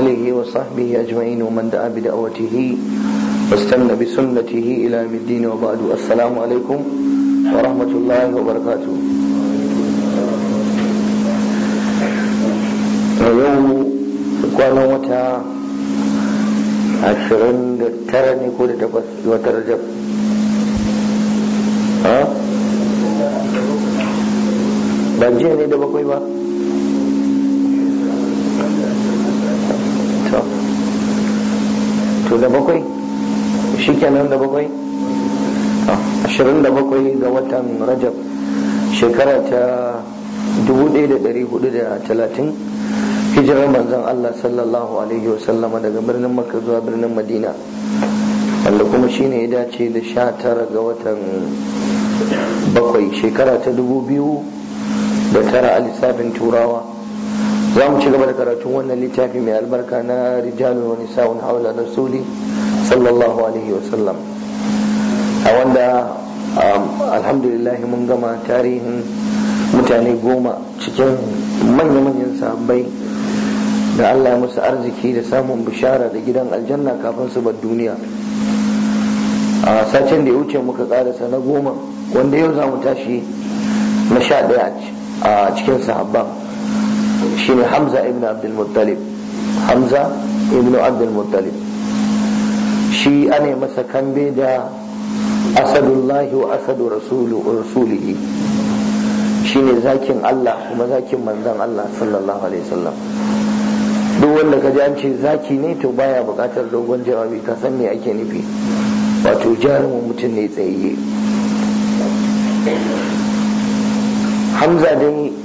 آله وصحبه أجمعين ومن دعا بدعوته واستنى بسنته إلى يوم الدين وبعد السلام عليكم ورحمة الله وبركاته ويوم kwanan wata ashirin da tara ne ko da takwas wata rajab ba jiya ne da bakwai ba to da bakwai shi kenan da bakwai ah, ashirin da bakwai ga watan rajab shekara ta 1430 hijirar manzon Allah sallallahu alaihi wasallama daga birnin makka zuwa birnin madina wanda kuma shine ya dace da sha tara ga watan bakwai shekara ta dubu biyu da tara a lissafin turawa za mu ci gaba da karatun wannan littafi mai albarka na rijalun wani sa'un haula rasuli sallallahu alaihi wasallam a wanda um, alhamdulillah mun gama tarihin mutane goma cikin manya-manyan sahabbai da allah musu arziki da samun bishara da gidan aljanna kafin su bar duniya a sacin da ya wuce muka karasa na goma wanda yau za mu tashi na sha ɗaya a cikin sahabban shine hamza ibn abdul muttalib hamza ibn abdul muttalib shi ane masa kambe da asadullahi wa asadu rasulihi shine zakin Allah kuma zakin manzon Allah sallallahu alaihi wasallam duk wanda ka ji an ce zaki ne to baya bukatar dogon jawabi ka san me ake nufi wato jarumin mutum ne tsayayye hamza dai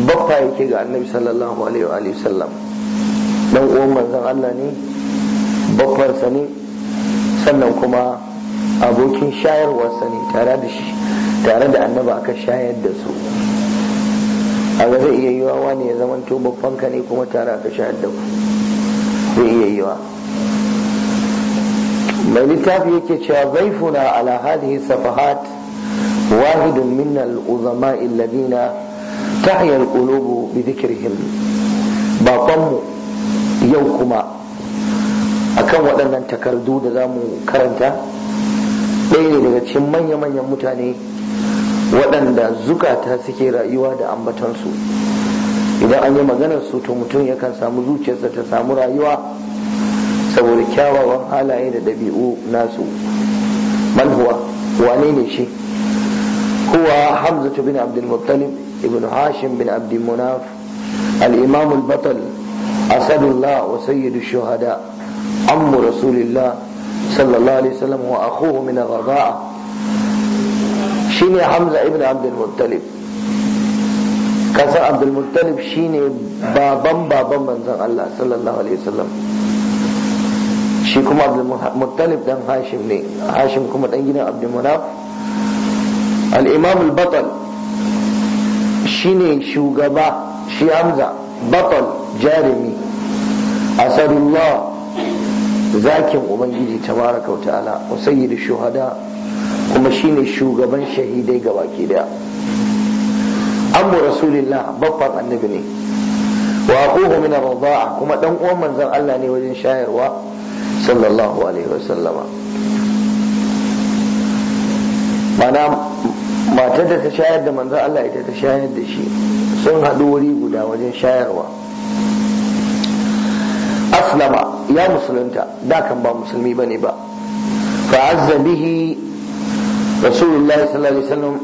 baffa yake ga annabi sallallahu alaihi wa sallam dan uwan manzon Allah ne sa ne sannan kuma abokin shayarwarsa ne tare da shi tare da annaba aka shayar da su a ga zai iya wani ya zama to ka ne kuma tare aka shayar da ku zai iya mai littafi yake cewa zaifuna ala hadhihi safahat wahidun minnal al Ladina. تحيا القلوب بذكرهم باقم يوكما akan waɗannan takardu da za mu karanta ɗaya ne daga cikin manya-manyan mutane waɗanda zukata suke rayuwa da ambatansu idan an yi maganar su to mutum yakan samu zuciyarsa ta samu rayuwa saboda kyawawan halaye da ɗabi'u nasu man huwa wane ne shi huwa hamzatu bin abdul muttalib ابن هاشم بن عبد مناف الإمام البطل أسد الله وسيد الشهداء عم رسول الله صلى الله عليه وسلم وأخوه من الرضاعة شيني حمزة ابن عبد المطلب kasar abdulmuttalib shine baban baban manzon Allah sallallahu alaihi wasallam shi kuma abdulmuttalib dan hashim ne hashim kuma dan gidan abdulmunaf al-imam batal shine shugaba shi hamza batal jarumi asadullah zakin ubangiji tabaraka wa ta'ala wa sayyidu shuhada kuma shine shugaban shahidai baki daya abu rasulillah babban annabi ne wa aquhu min ar-rida'a kuma dan uwan manzon Allah ne wajen shayarwa sallallahu alaihi wa sallama matar da ta shayar da manzo Allah ita ta shayar da shi sun haɗu wuri guda wajen shayarwa aslama ya musulunta da kan ba musulmi bane ba fa'azza bihi rasulullahi sallallahu alaihi wasallam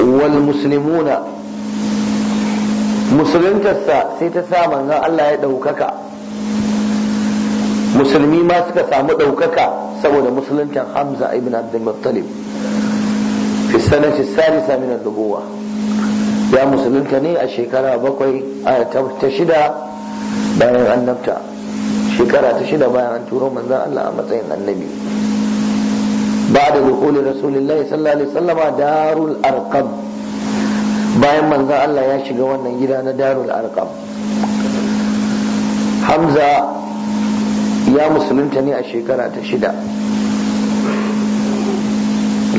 wal muslimuna musuluntarsa sai ta sa manzon Allah ya ɗaukaka musulmi ma suka samu ɗaukaka saboda musuluntar Hamza ibn Abdul fi sanati salisa min nubuwa ya musulunta ne a shekara bakwai a ta shida bayan annabta shekara ta shida bayan an turo manzon Allah a matsayin annabi بعد دخول رسول الله صلى الله عليه وسلم دار الأرقم bayan manzo Allah ya shiga wannan gida na darul arqam hamza ya musulunta ne a shekara ta shida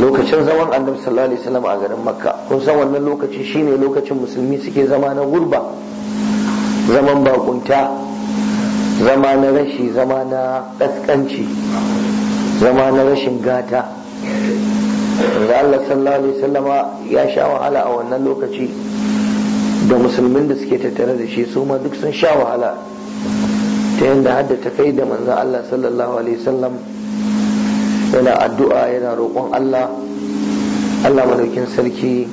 lokacin zaman annabi sallallahu alaihi wasallam a garin makka kun san wannan lokaci shine lokacin musulmi suke zama na gurba zaman bakunta zama na rashi zama na ƙasƙanci zama na rashin gata da Allah sallallahu alaihi wasallama ya sha wahala a wannan lokaci da musulmin da suke tattare da shi su ma duk sun sha wahala ta yadda hadda ta kai da manzon Allah sallallahu alaihi wasallam yana addu'a yana roƙon Allah Allah madaukin sarki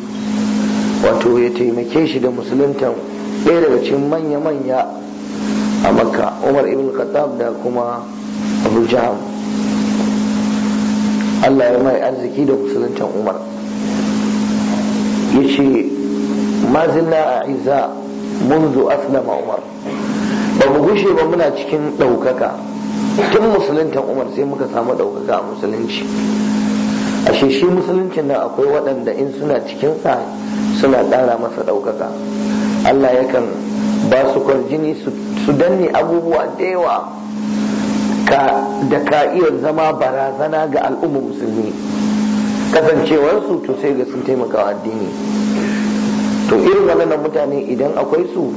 wato ya taimake shi da musulunta ɗaya daga cikin manya-manya a makka umar ibn khattab da kuma abu jaham Allah ya mai arziki da musulunta umar ya ce mazina a iza منذ أسلم Umar? ba mu gushe ba muna cikin ɗaukaka tun musulunta umar sai muka samu ɗaukaka a musulunci ashe shi musuluncin nan akwai waɗanda in suna cikin sa suna ƙara masa ɗaukaka allah yakan ba su kwarjini su danne abubuwa da yawa da ka iya zama barazana ga al'ummar musulmi kasancewarsu to sai ga sun taimaka addini to irin wannan mutane idan akwai su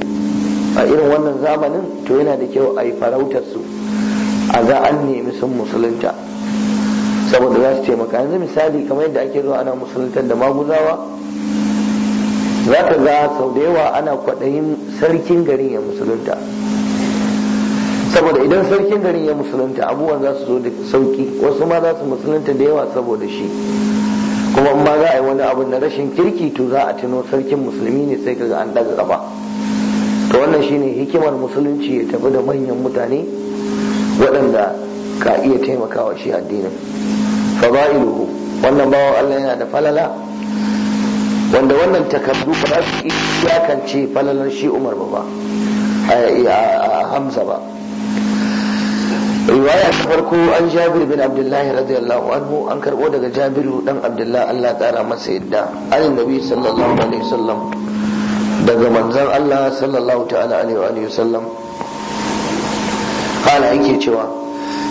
a irin wannan zamanin to yana da kyau a yi farautarsu. a za an nemi sun musulunta saboda za su taimaka yanzu misali kamar yadda ake zuwa ana musuluntar da maguzawa za ka ga sau da yawa ana kwaɗayin sarkin garin ya musulunta saboda idan sarkin garin ya musulunta abubuwan za su zo da sauki wasu ma za su musulunta da yawa saboda shi kuma in ma za a yi wani abu na rashin kirki to za a tuno sarkin musulmi ne sai ga an daga gaba to wannan shine hikimar musulunci ya tafi da manyan mutane waɗanda ka iya taimakawa shi addinin fada'iluhu wannan bawan Allah yana da falala wanda wannan takardu ba za su iyakance falalar shi Umar ba a Hamza ba riwaya ta farko an Jabir bin Abdullah radiyallahu anhu an karbo daga Jabir dan Abdullah Allah tsara masa yadda annabi Nabi sallallahu alaihi wasallam daga manzon Allah sallallahu ta'ala alaihi wa sallam kala yake cewa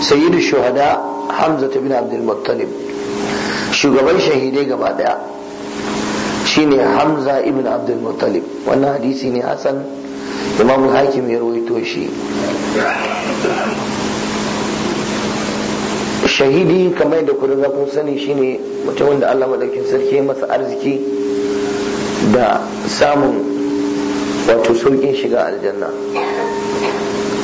sayidu shuhada hamza bin abdul muttalib shugaban shahidai gaba ɗaya shine hamza ibn abdul muttalib wannan hadisi ne hasan imam hakim ya rawaito shi shahidi kamar yadda ku kun sani shine mutumin da Allah madaukin sarki ya masa arziki da samun wato saukin shiga aljanna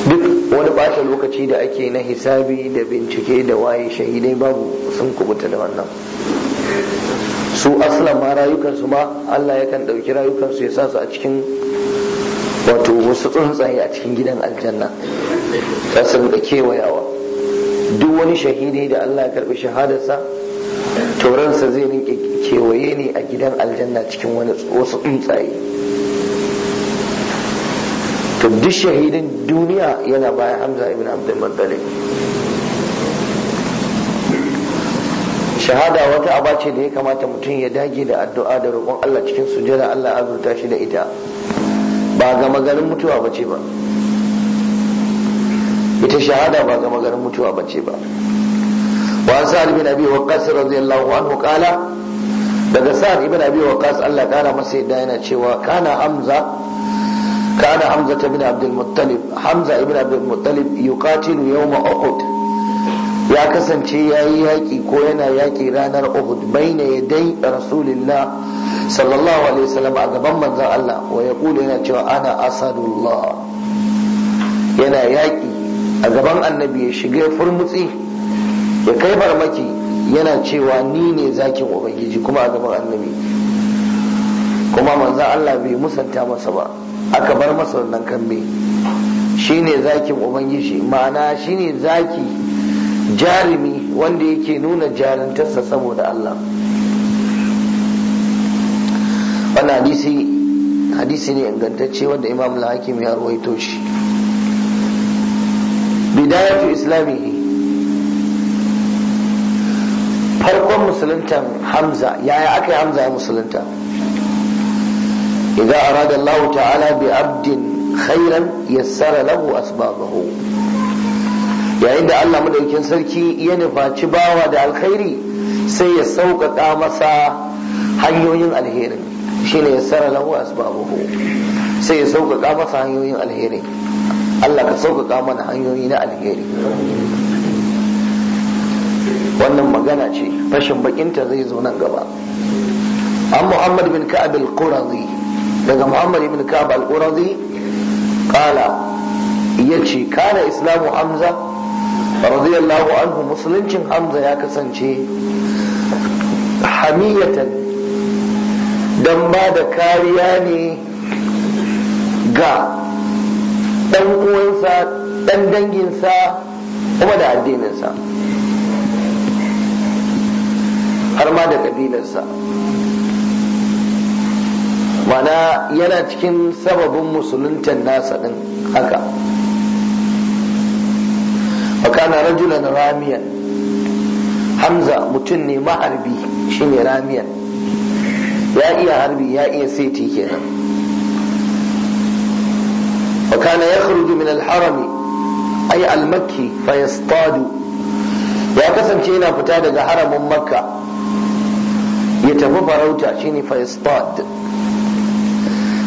duk wani bashi lokaci da ake na hisabi da bincike da waye shahidai babu sun kubuta da wannan su aslan ma rayukansu ma Allah yakan ɗauki rayukansu ya sa su a cikin wato wasu tsuntsaye a cikin gidan aljanna ta sun da kewayawa duk wani shahidai da Allah ya karɓi shahadarsa tauransa zai rinke kewaye ne a gidan aljanna cikin wasu tsuntsaye to duk shahidin duniya yana bayan hamza ibn abdul muttalib shahada wata aba ce da ya kamata mutum ya dage da addu'a da roƙon Allah cikin sujada Allah azurta shi da ita ba ga maganin mutuwa bace ba ita shahada ba ga maganin mutuwa bace ba wa an sa'ad bin abi waqqas radiyallahu anhu qala daga sa'ad ibn abi waqqas Allah kana masa yadda yana cewa kana amza كان حمزة بن عبد المطلب حمزة بن عبد المطلب يقاتل يوم أحد يا كسن شيء ياكي كوينا ياكي رانا أحد بين يدي رسول الله صلى الله عليه وسلم أقبا من الله ويقول هنا أنا أسد الله ينا ياكي أقبا النبي شقي فرمتي يكيف رمكي yana cewa ni ne zakin ubangiji kuma a gaban annabi kuma manzo Allah bai musanta masa ba aka bar masa wannan kambe shine zakin ubangiji ma'ana shine zaki jarumi wanda yake nuna jarintarsa saboda Allah wannan hadisi hadisi ne ingantacce wanda imam al-hakim ya ruwaito shi bidayatu islami farkon musulunta hamza yaya aka yi hamza ya musulunta idza arada Allah ta'ala bi abdin khairan yassara lahu asbabahu yayin da Allah madaukakin sarki ya nufaci bawa da alkhairi sai ya sauƙaƙa masa hanyoyin alherin sai ya sauƙaƙa masa hanyoyin mana na alheri wannan magana ce fashin bakinta zai zo nan gaba an muhammad bin ka'ab al-qurazi daga muhammad ibn kaba al-qurazi kala yace kana islamu hamza radiyallahu anhu musuluncin hamza ya kasance hamiyatan dan ba da kariya ne ga dan uwansa dan danginsa kuma da addininsa har ma da ƙabilarsa mana yana cikin sababin musuluntan nasa din haka fakana rajulan ramiyan hamza mutum ne maharbi shine ramiyan ya iya harbi ya iya saiti kenan fakana ya min al-harami ay al fayastadu ya kasance yana fita daga haramin makka ya tafi farauta shine fayastad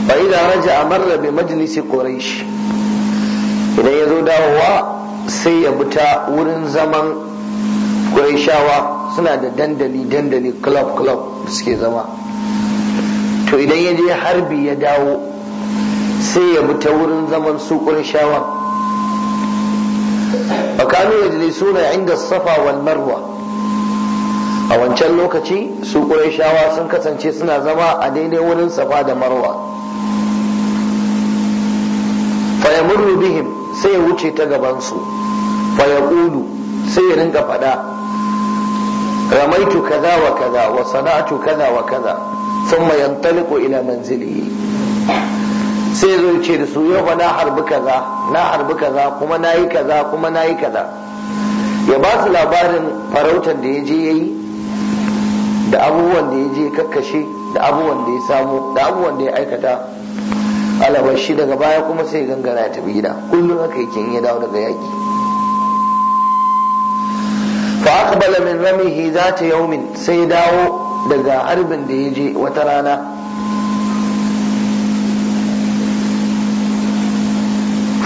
fa idza raja marra bi majlis quraish idan ya zo dawowa sai ya buta wurin zaman quraishawa suna da dandali dandali club club suke zama to idan ya je harbi ya dawo sai ya buta wurin zaman su qurayshawa فكانوا inda safa wal marwa a wancan lokaci su ƙurayshawa sun kasance suna zama a daidai wurin safa da marwa fayamuru bihim sai ya wuce ta gabansu fayaqulu sai ya rinka faɗa ramaitu kaza wa kaza wa sana'atu kaza wa kaza thumma yantaliqu ila manzilihi sai zo ce da su yau na harbi kaza na harbi kaza kuma nayi kaza kuma nayi kaza ya ba su labarin farautar da ya je yayi da abubuwan da ya je kakkashe da abubuwan da ya samu da abubuwan da ya aikata alabar shi daga baya kuma sai gangara ya tafi gida kullum haka yake ya dawo daga yaki fa aqbala min ramihi zata yawmin sai dawo daga harbin da ya je wata rana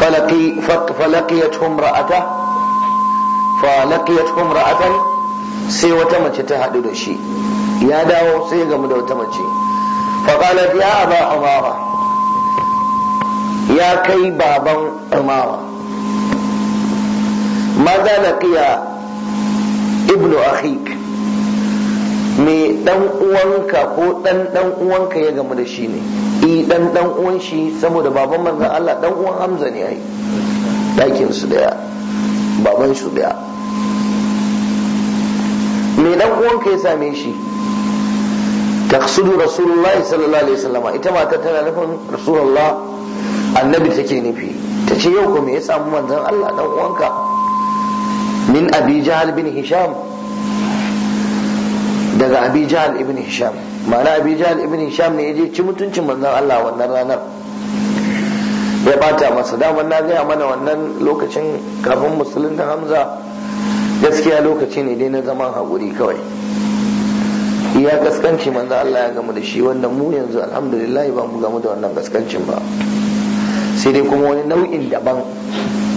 falaqiyatuhum ra'ata falaqiyatuhum ra'atan sai wata mace ta hadu da shi ya dawo sai ya gamu da wata mace faqalat ya aba umara ya kai baban umawa maza kiya ibnu ahik mai dan uwanka ko dan dan uwanka ya gamu da shi ne i dan dan uwan shi saboda baban manzan Allah dan uwan Hamza ne ai dakin su daya baban su daya mai dan uwanka ya same shi taqsidu rasulullahi sallallahu alaihi wasallam ita ta tana nufin rasulullah annabi take nufi ta ce yau ko me ya samu manzon Allah dan uwanka min abi jahal bin hisham daga abi jahal ibn hisham ma'ana abi jahal ibn hisham ne yaje ci mutuncin manzon Allah wannan ranar ya bata masa da na gaya mana wannan lokacin kafin musulun da hamza gaskiya lokaci ne dai na zaman haƙuri kawai iya gaskanci manzo Allah ya gamu da shi wanda mu yanzu alhamdulillah ba mu gamu da wannan kaskancin ba sai dai kuma wani nau'in daban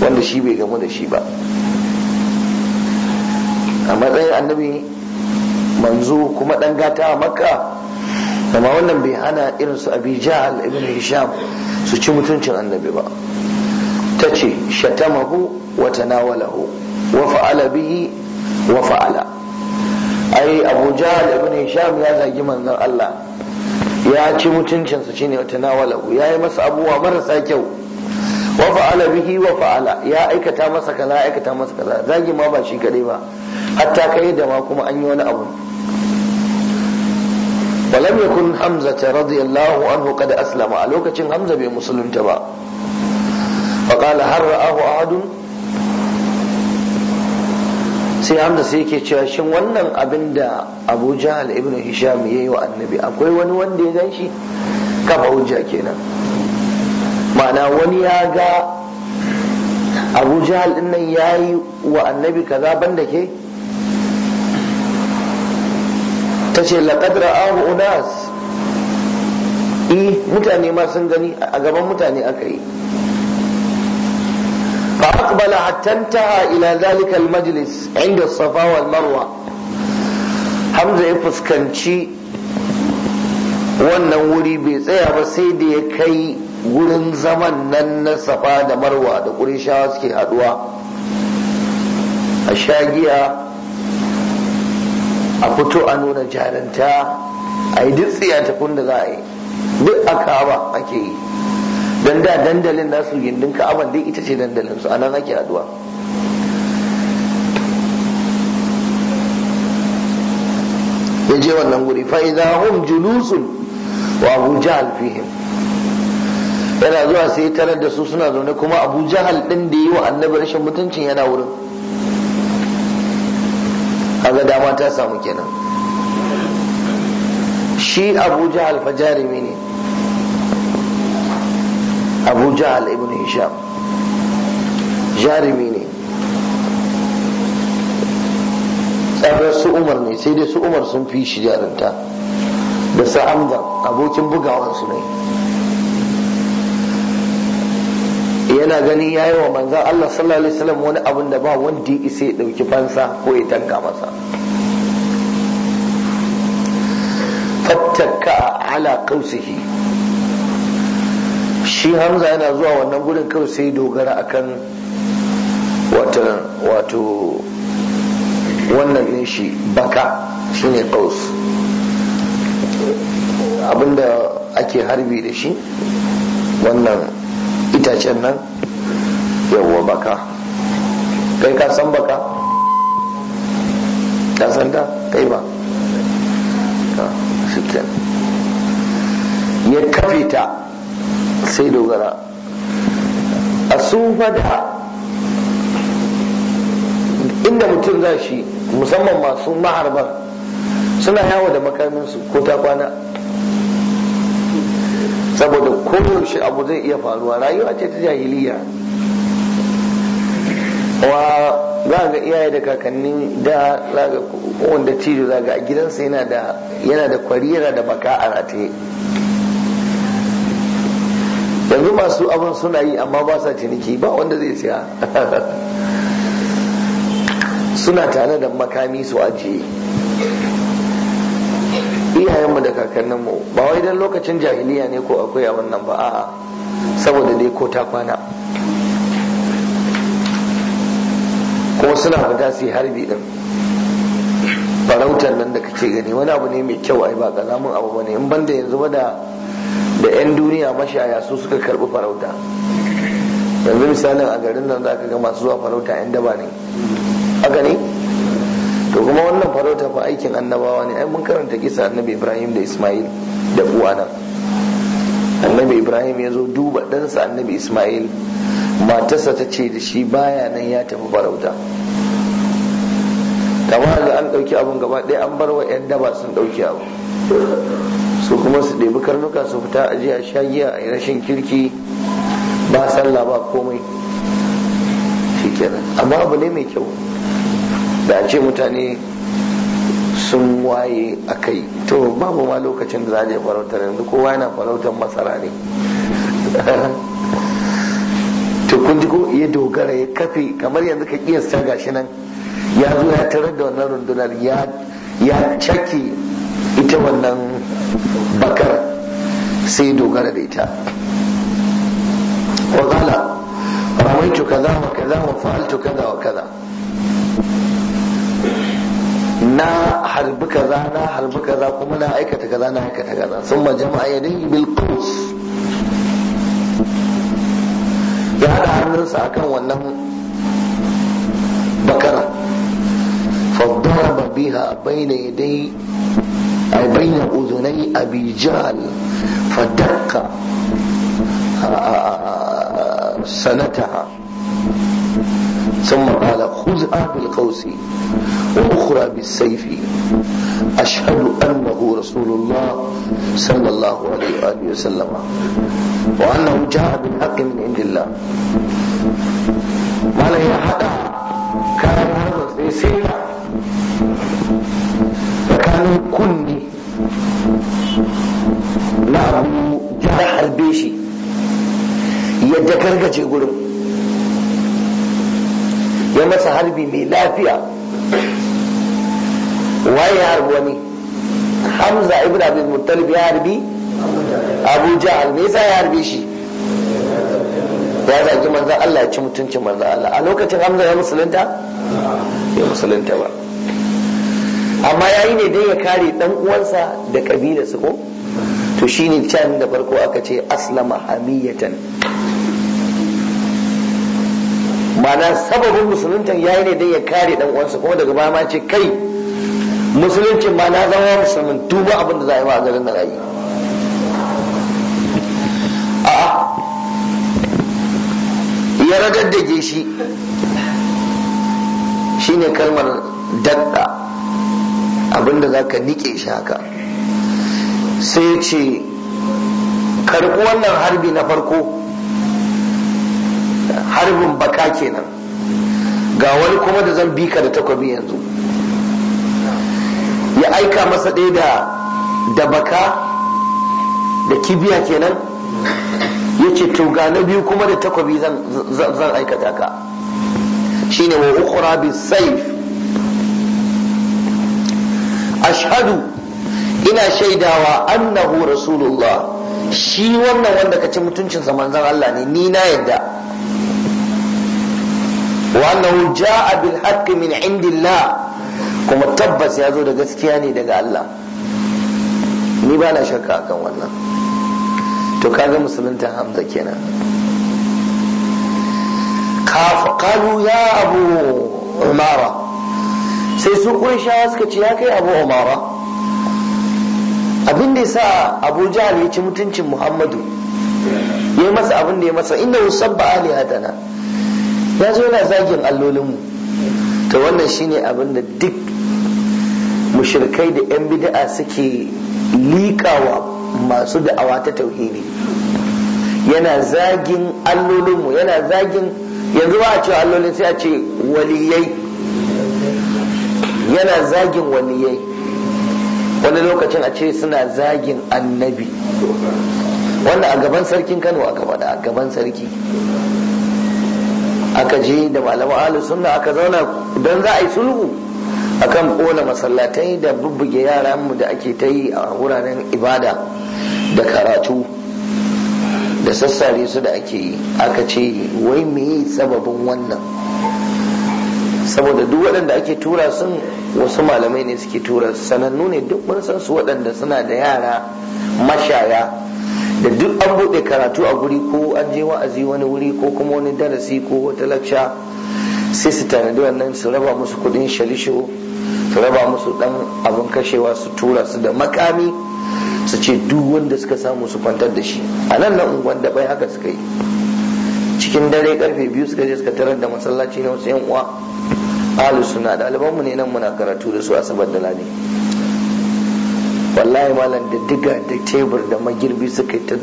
wanda shi bai gamu da shi ba a matsayin annabi manzo kuma dan gata a makka amma wannan bai hana irin su abi jahal ibn hisham su ci mutuncin annabi ba ta ce shatamahu wa tanawalahu wa fa'ala bihi wa fa'ala ai abu jahal ibn hisham ya zagi manzon Allah ya ci mutuncinsa shine tanawalahu ya yi masa abubuwa marasa kyau wa fa'ala bihi wa fa'ala ya aikata masa kaza aikata masa kaza zagi ma ba shi kadai ba hatta kai da ma kuma an yi wani abu Hamza ta ta anhu kada عنه aslama lokacin lokacin hamza musulunta musulunta ba فقال har ra'ahu ahadun sai hamza sai yake cewa shin wannan abin da abu jahal ibn hisham ya yi wa annabi akwai wani wanda ya gan shi kafa hujja kenan ma'ana wani ya ga abu jahal din nan ya yi wa annabi kaza banda ke ta ce laƙad ra'ahu unas eh mutane ma sun gani a gaban mutane aka yi قال حتى انتهى الى ذلك المجلس عند الصفا والمروه حمزه يفسكنشي wannan wuri bai tsaya ba sai da ya kai wurin zaman nan na safa da marwa da ƙurishawa suke haɗuwa. a shagiya a fito a nuna jarinta a yi duk tsiyatakun da za a yi duk a kaba ake yi don da dandalin nasu gindin ka'aban dai ita ce dandalin su anan ake addu'a je wannan guri fa hum julusun wa abu jahal yana zuwa sai tarar da su suna zaune kuma abu jahal din da yi wa annabi rashin mutuncin yana wurin kaga dama ta samu kenan shi abu jahal fa jarumi ne abu jahal ibn hisham jarumi ne tsarar su umar ne sai dai su umar sun fi shi jarinta da su sa'amza abokin bugawansu ne yana gani ya yi wa manzan Allah sallallahu alaihi wasallam wani abin da ba wanda ya isa ya ɗauki fansa ko ya tanka masa fattaka ala kausihi shi hamza yana zuwa wannan gurin kawai sai dogara akan wato wannan din shi baka shine qaus abinda ake harbi da shi wannan itacen nan yawwa baka kai ka san baka ka san ta kai ba ya kafe ta sai dogara a sufa da inda mutum za shi musamman masu maharban suna yawo da makaminsu ko ta kwana saboda koyaushe abu zai iya faruwa rayuwa ce ta jahiliya wa za ga iyaye da kakanni da za ga wanda cijo za ga a gidansa yana da kwari yana da baka a rataye yanzu masu abin suna yi amma ba sa ciniki ba wanda zai siya suna tare da makami su ajiye iyayenmu da kakanninmu ba wai dan lokacin jahiliya ne ko akwai a wannan ba a'a saboda dai ko ta kwana ko suna fita su harbi din farautar nan da kace gani wani abu ne mai kyau ai ba kalamin abu bane in banda yanzu ba da da 'yan duniya mashaya su suka karbi farauta yanzu misalin a garin nan zaka ga masu zuwa farauta 'yan daba ne haka ne to kuma wannan farauta fa aikin annabawa ne ai mun karanta kisa annabi ibrahim da ismail da uwana annabi ibrahim ya zo duba ɗansa annabi ismail matarsa ta ce da shi baya nan ya tafi farauta kamar da an ɗauki abun gaba ɗaya an bar wa 'yan daba sun ɗauki abu su kuma su ɗebi karnuka su fita a a sha giya a rashin kirki ba sallah ba komai shikenan amma abu ne mai kyau da a ce mutane sun waye a kai to babu ma lokacin da za a je farautar yanzu kowa yana farautar masara ne to kun ji ko ya dogara ya kafe kamar yanzu ka kiyasta shi nan ya zo ya tarar da wannan rundunar ya cake ita wannan bakar sai dogara da ita wa qala rawaitu kaza wa kaza wa fa'altu kaza wa kaza na harbi kaza na harbi kaza kuma na aikata kaza na aikata kaza sun ma jama'a ya dai bil quds ya da hada hannunsa akan wannan bakara fa daraba biha bayna yadayhi أي بين أذني أبي جهل فدق سنتها ثم قال خذها بالقوس واخرى بالسيف اشهد انه رسول الله صلى الله عليه واله وسلم وانه جاء بالحق من عند الله ما لا يحدى كان هذا سيسيرا فكانوا كل yadda dagargaje gurin ya masa harbi mai lafiya waye harbi wani hamza ibn abdul muttalib ya harbi abu jahal me ya harbe shi ya zaki manzan Allah ya ci mutuncin manzan Allah a lokacin hamza ya musulunta ya musulunta ba amma ya yi ne dai ya kare dan uwansa da kabilarsa ko to shine can da farko aka ce aslama hamiyatan ma'ana sababin musuluntan ya yi ne dan ya kare ɗan uwansa kuma daga baya ma ce kai musuluncin ma na zama musulmin tuba abin da za a yi ma a garin da rayu a'a ya ragaddage shi shine kalmar dadda abinda za ka nike shi sai ce karɓi wannan harbi na farko harbin baka kenan ga wani kuma da zan bika da takobi yanzu ya aika masa ɗaya da da baka da kibiya kenan ya ce to ga na biyu kuma da takobi zan aikata ka shine wa ukura bi sayf ashhadu ina shaidawa annahu rasulullah shi wannan wanda ka ci mutuncinsa manzon Allah ne ni na yadda wa annahu jaa bil haqqi min indillah kuma tabbas ya zo da gaskiya ne daga Allah ni ba na shakka akan wannan to kaga musulunta hamza kenan Kalu ya abu umara sai su kunsha suka ci ya kai abu umara abin da yasa abu jahal ya ci mutuncin muhammadu ya masa abin da ya masa inda yusabba alihatana ya zo yana zagin allolinmu to wannan shine abin da duk mushirkai da 'yan bid'a suke likawa masu da'awa ta tauhidi yana zagin allolinmu yana zagin yanzu ba a ce allolin sai a ce waliyai yana zagin waliyai wani lokacin a ce suna zagin annabi wannan a gaban sarkin kano aka faɗa a gaban sarki aka je da malaman ahlus sunna aka zauna don za a yi sulhu akan kona masallatai da bubbuge yaran mu da ake ta yi a wuraren ibada da karatu da sassare su da ake yi aka ce wai me sababin wannan saboda duk waɗanda ake tura sun wasu malamai ne suke tura sanannu ne duk mun san su waɗanda suna da yara mashaya da duk an buɗe karatu a guri ko an je wa'azi wani wuri ko kuma wani darasi ko wata lakca sai su tanadi wannan su raba musu kuɗin shalisho su raba musu dan abin kashewa su tura su da makami su ce duk wanda suka samu su kwantar da shi a nan na unguwan da bai haka suka yi cikin dare karfe biyu suka je suka tarar da masallaci na wasu yan uwa ahlus na ɗalibanmu ne nan muna karatu da su asabar da lani wallahi malam da diga da tebur da magirbi suka yi ta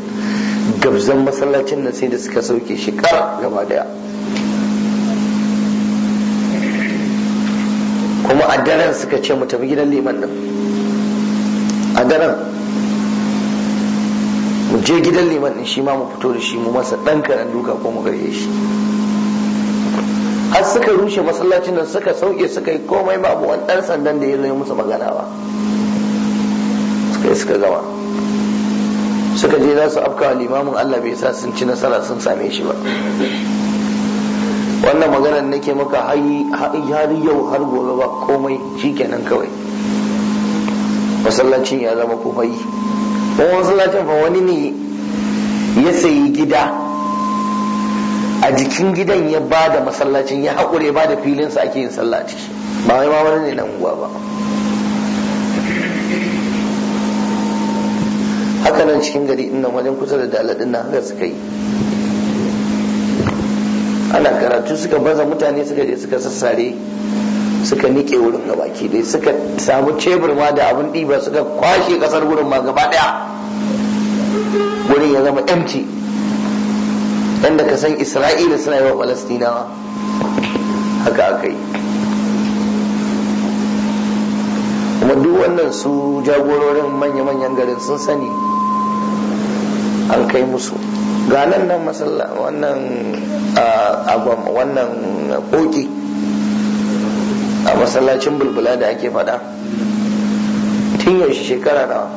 gabzan masallacin nan sai da suka sauke shi kar gaba daya kuma a daren suka ce mu tafi gidan liman nan a daren mu je gidan liman din shi ma mu fito da shi mu masa dan karan duka ko mu gare shi har suka rushe masallacin nan suka sauke suka yi komai babu wani dan sandan da ya zo musu magana ba da suka zama suka je za su afka limamin Allah bai sa sun ci nasara sun same shi ba wannan maganar nake maka har yau har gobe ba komai kenan kawai masallacin ya zama kufai kuma masallacin fa wani ne ya sayi gida a jikin gidan ya ba da masallacin ya haƙure ba da filinsa ake yin sallaci, ba wai ma wani ne nan uwa ba haka nan cikin gari nan wajen kusa da daladin nan haka suka yi ana karatu suka baza mutane suka je suka sassare suka nike wurin gabaki dai suka samu cebur ma da abin ɗiba suka kwashe kasar wurin ma gaba ɗaya wurin ya zama empty yadda ka san isra'ila suna yi wa falastinawa haka aka yi kuma duk wannan su jagororin manya-manyan garin sun sani an kai musu ga nan nan masalla wannan agwam wannan koki a masallacin bulbula da ake fada tun yaushe shekara nawa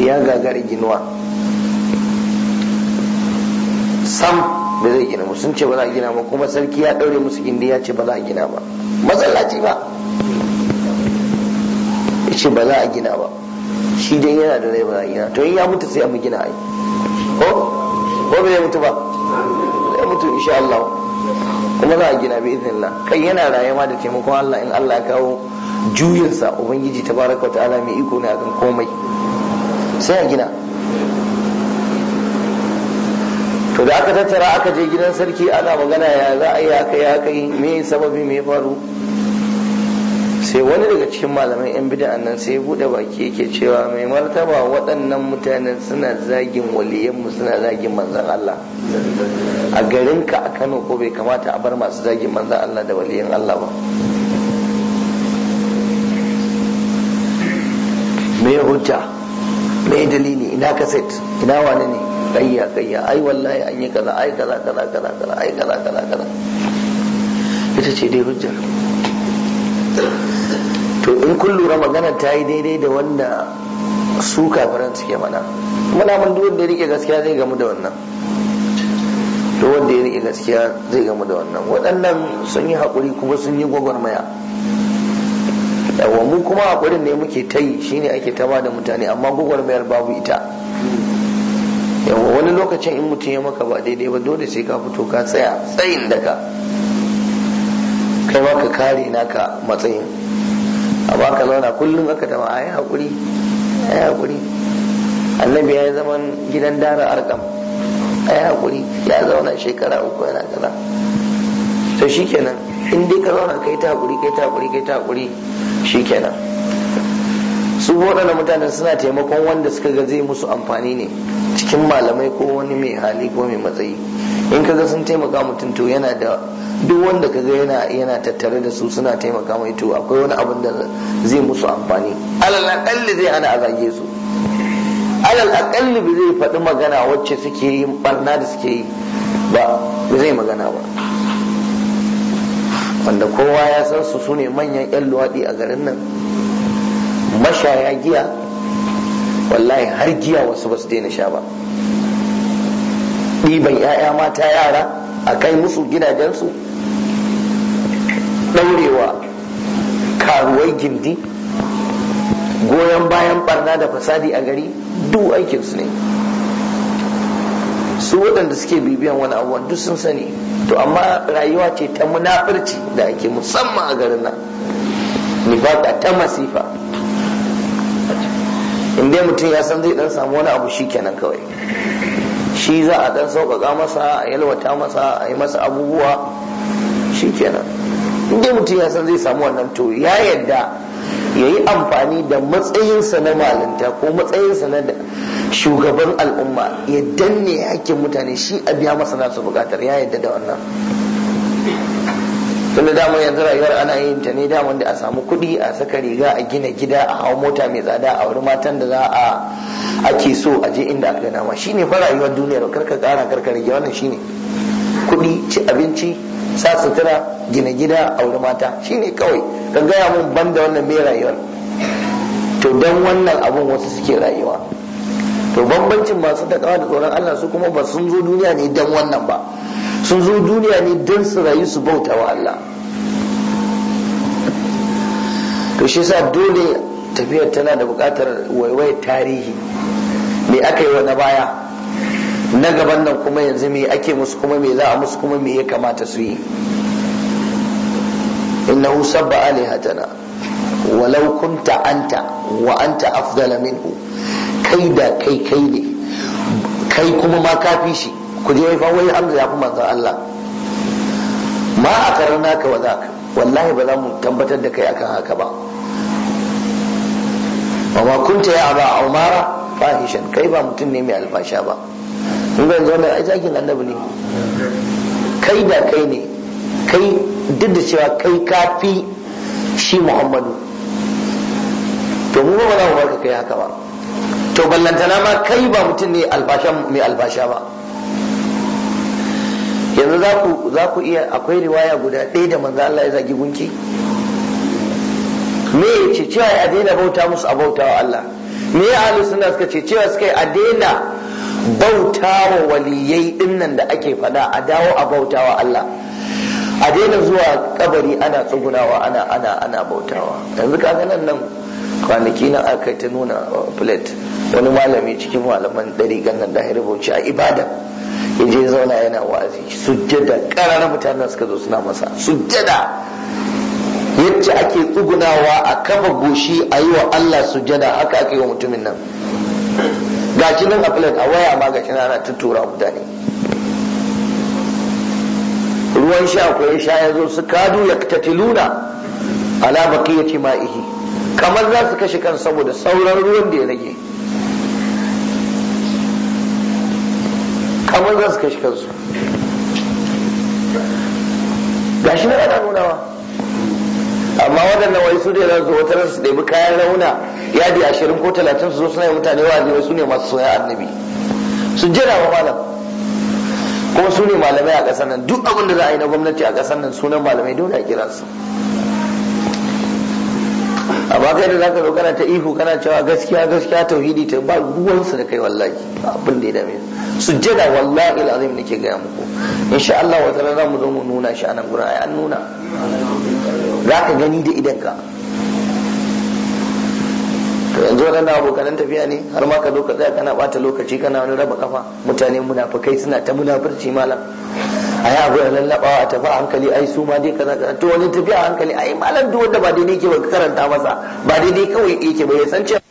ya gagari ginuwa sam da zai gina sun ce ba za a gina ba kuma sarki ya ɗaure musu gindi ya ce ba za a gina ba masallaci ba ya ce ba za a gina ba shi dai yana da rai ba za a gina to in ya mutu sai a mu gina ai ko ko bai mutu ba zai mutu insha Allah kuma za a gina bi Allah. kai yana rayuwa da taimakon Allah in Allah ya kawo juyinsa ubangiji tabaraka wa ta'ala mai iko ne akan komai sai a gina to da aka tattara aka je gidan sarki ana magana ya za a yi haka ya kai me sababi me faru sai wani daga cikin malamai yan bid'an nan sai bude baki yake cewa mai martaba waɗannan mutanen suna zagin waliyanmu suna zagin manzan Allah a garinka a Kano ko bai kamata a bar masu zagin manzan Allah da waliyan Allah ba me hujja me dalili ina kaset ina wani ne kayya kayya ai wallahi an yi kaza ai kaza kaza kaza kaza ai kaza kaza kaza ita ce dai hujjar to in kun lura magana ta yi daidai da wanda su kafiran suke mana mana mun duk wanda ya rike gaskiya zai gamu da wannan To wanda ya rike gaskiya zai gamu da wannan waɗannan sun yi haƙuri kuma sun yi gwagwarmaya yawa mu kuma haƙurin ne muke ta yi shine ake ta da mutane amma gwagwarmayar babu ita yawon wani lokacin in mutum ya maka ba daidai ba dole sai ka fito ka tsaya tsayin daka kai ma ka kare naka matsayin amma ka zauna kullum aka tama a yi haƙuri a yi haƙuri annabi ya yi zaman gidan dara arkam a yi haƙuri ya zauna shekara uku yana kaza to shikenan in dai ka zauna kai ta haƙuri kai ta haƙuri kai ta haƙuri shikenan su waɗanda mutane suna taimakon wanda suka ga zai musu amfani ne cikin malamai ko wani mai hali ko mai matsayi in ga sun taimaka mutum to yana da duk wanda ka yana yana tattare da su suna taimaka mai to akwai wani abin da zai musu amfani alal aqalli zai hana azage su alal aqalli ba zai faɗi magana wacce suke yi barna da suke yi ba ba zai magana ba wanda kowa ya san su sune manyan yan luwaɗi a garin nan mashaya giya wallahi har giya wasu ba su daina sha ba ɗiban 'ya'ya mata yara a kai musu gidajensu daurewa karuwai gindi goyon bayan barna da fasadi a gari duk aikinsu ne su waɗanda suke bibiyan wani abuwan duk sun sani to amma rayuwa ce ta munafurci da ake musamman a garin nan nifaka ta masifa inda mutum ya san zai dan samu wani abu shi kenan kawai shi za a dan sauƙaƙa masa a yalwata masa a yi masa abubuwa shi kenan inda mutum ya san zai samu wannan to ya yadda ya yi amfani da matsayinsa na malinta ko matsayinsa na shugaban al'umma ya danne hakkin mutane shi a biya masa nasu bukatar ya yadda da wannan tunda dama yanzu rayuwar ana yin ta ne damar da a samu kuɗi a saka riga a gina gida a hawa mota mai tsada a wuri matan da za a ake so a je inda aka gana ma shine fa rayuwar duniyar karka kara karka rage wannan shine kuɗi ci abinci sa sutura gina gida auri mata shi ne kawai ka gaya mun ban da wannan mai rayuwar to don wannan abun wasu suke rayuwa to bambancin masu takawa da tsoron Allah su kuma ba sun zo duniya ne don wannan ba sun zo duniya ne don su rayu su bauta wa Allah to shi sa dole tafiyar tana da bukatar waiwai tarihi me aka yi wani baya na gaban nan kuma yanzu me ake musu kuma me za a musu kuma me ya kamata su yi innahu sabba alihatana walau kunta anta wa anta afdala minhu kai da kai kai ne kai kuma ma ka fi shi ku je fa wai hamza ya fi manzon Allah ma a karna wa zaka wallahi ba za mu tabbatar da kai akan haka ba wa ma kunta ya aba umara fahishan kai ba mutum ne mai albasha ba in ga yanzu wannan ai zakin annabi ne kai da kai ne kai duk da cewa kai kafi shi muhammadu to mu ba za mu barka kai haka ba to ballantana ma kai ba mutum ne albashan mai albasha ba yanzu za ku iya akwai riwaya guda ɗaya da manzo Allah ya zagi gunki me ya ce cewa a daina bauta musu a bauta wa Allah me ya ahlus sunna suka ce cewa suka yi a daina bauta wa waliyai dinnan da ake fada a dawo a bauta wa Allah a daina zuwa kabari ana tsugunawa ana ana ana bautawa yanzu kaga nan nan kwanaki na aka ta nuna uh, plate wani malami cikin malaman ɗari gannan dahir bauchi a ibada ya zauna yana wazi. sujjada ƙarar mutanen suka zo suna masa sujjada yadda ake tsugunawa a kafa goshi a yi wa Allah sujjada haka aka yi wa mutumin nan gashi nan a plate a waya ma gashi na ana tuttura mutane ruwan sha ko ya sha ya zo su kadu ya tatiluna ala baqiyati ma'ihi kamar za su kashe kan saboda sauran ruwan da ya rage kamar za su kashe kansu gashi na nuna nunawa amma waɗannan wai su ne za su wata su ɗebi kayan rauna yadi ashirin ko talatin su zo suna yi mutane wa'azi wai su ne masu soya annabi su jira wa malam Ko su ne malamai a ƙasar nan duk abin da za a yi na gwamnati a ƙasar nan sunan malamai dole a kira su ba kai da zaka zo kana ta ihu kana cewa gaskiya gaskiya tauhidi ta ba su da kai wallahi abin da ya dame su, sujjada wallahi alazim nake gaya muku insha Allah wata rana mu zo mu nuna shi a nan gurin ai an nuna Za ka gani da idanka to yanzu waɗanda abokanan tafiya ne har ma ka zo ka tsaya kana ɓata lokaci kana wani raba kafa mutane munafukai suna ta munafurci malam ai abu ya lallabawa a tafi a hankali ai su ma dai kaza kaza to wani tafiya a hankali ai malam duk wanda ba daidai ke ba karanta masa ba daidai kawai yake ba ya san cewa